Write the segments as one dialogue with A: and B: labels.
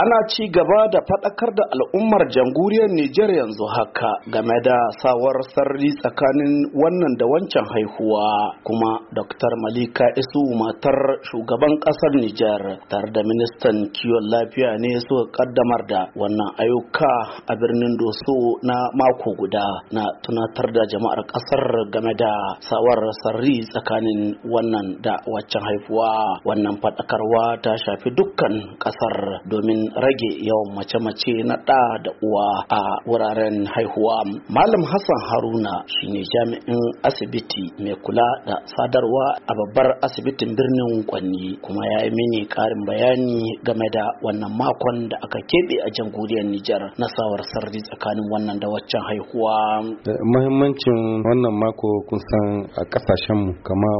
A: ana ci gaba da faɗakar da al'ummar jamhuriyar Nijar yanzu haka game da sawar sarri tsakanin wannan da wancan haihuwa kuma Dr. Malika Isu matar shugaban ƙasar Nijar tare da ministan kiwon lafiya ne suka kaddamar da wannan ayyuka a birnin Doso na mako guda na tunatar da jama'ar ƙasar game da sawar sarri tsakanin wannan da waccan haihuwa wannan faɗakarwa ta shafi dukkan ƙasar domin rage yawan mace-mace na ɗa da uwa a wuraren haihuwa. Malam Hassan Haruna shine jami'in asibiti mai kula da sadarwa a babbar asibitin birnin Kwanni kuma ya yi mini ƙarin bayani game da wannan makon da aka keɓe a jamhuriyar Nijar na sawar tsakanin wannan da waccan haihuwa.
B: Muhimmancin wannan mako kun san a ƙasashenmu kamar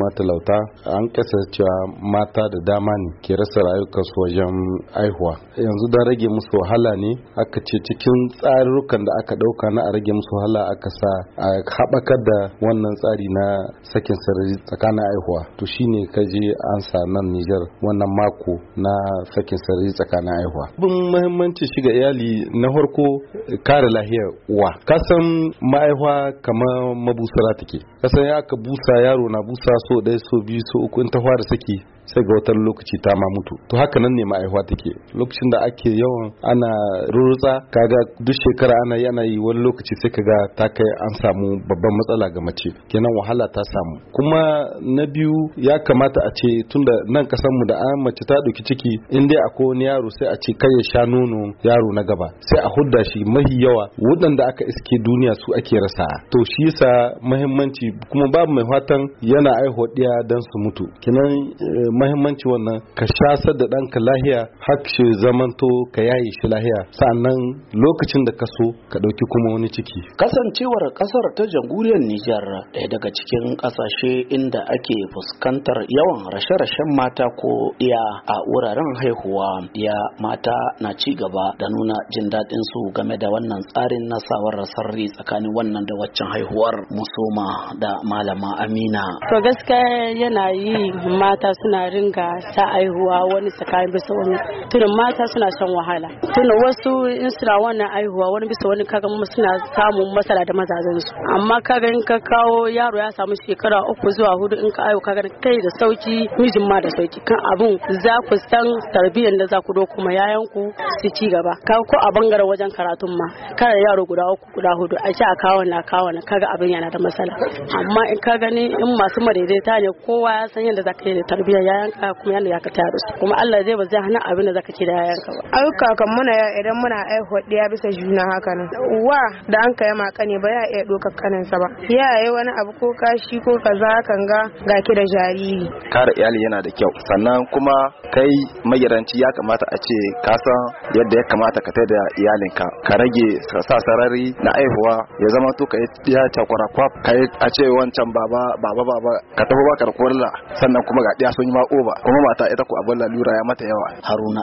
B: matalauta an kasa cewa mata da dama ne ke rasa rayukansu wajen haihuwa kowa yanzu da rage musu wahala ne aka ce cikin tsarurrukan da aka dauka na a rage musu wahala aka sa a haɓakar da wannan tsari na sakin sarari tsakanin aihuwa to shine ka je an sa nan Nijar wannan mako na sakin sarari tsakanin aihuwa bin muhimmanci shiga iyali na farko kare lahiyar uwa kasan ma'aihuwa kamar mabusara take kasan ya aka busa yaro na busa so ɗaya so biyu so uku in ta fara saki sai ga wata lokaci ta ma mutu to haka nan ne ma'aihuwa take lokacin da ake yawan ana rurutsa kaga duk shekara ana yana yi wani lokaci sai kaga ta kai an samu babban matsala ga mace kenan wahala ta samu kuma na biyu ya kamata a ce tunda nan kasan mu da an mace ta dauki ciki in dai akwai wani yaro sai a ce kai ya sha nono yaro na gaba sai a hudda shi mahi yawa waɗanda aka iske duniya su ake rasa to shi yasa muhimmanci kuma babu mai fatan yana aihuwa ɗiya dan su mutu kenan eh, muhimmanci wannan ka sha da danka lahiya har zamanto ka yaye shi lahiya sa'annan lokacin da kaso ka ɗauki kuma wani ciki
A: kasancewar ƙasar ta jamhuriyar Nijar daya daga cikin kasashe inda ake fuskantar yawan rashe-rashen mata ko ɗiya a wuraren haihuwa ya mata na ci gaba da nuna jin daɗin su game da wannan tsarin na sawar sarri tsakanin wannan da waccan haihuwar musoma da malama amina
C: to gaskiya yana yi mata suna ringa sa haihuwa wani tsakanin bisa wani saboda mata suna shan wahala tunda wasu in suna wannan aihuwa wani bisa wani kaga suna samun matsala da mazajen su amma kaga in ka kawo yaro ya samu shekara uku zuwa hudu in ka aihu kaga kai da sauki mijin ma da sauki kan abun za ku san tarbiyyar da za ku do kuma yayan ku su ci gaba ka ko a bangaren wajen karatun ma kada yaro guda uku guda hudu a sha kawo na kawo na kaga abin yana da matsala amma in ka gani in masu madaidaita ne kowa ya san yadda za ka yi da tarbiyyar yayan ka kuma yadda ya ka tayar da su kuma Allah zai ba zai hana abin da za ka kidayan ka ba ayyuka kan muna idan muna aihuwa ɗaya bisa juna haka nan wa da an kai maka ne ba ya iya ɗaukar kanin sa ba ya yi wani abu ko kashi ko kaza kan ga ga ki da
B: jariri kare iyali yana da kyau sannan kuma kai magiranci ya kamata a ce ka san yadda ya kamata ka da iyalinka ka rage sa sarari na aihuwa ya zama to ka ya takwara kwaf ka a ce wancan baba baba baba ka tafi ba karkuwar sannan kuma ga ɗaya sun yi ma'o ba kuma mata ita ku abin lalura ya mata yawa haruna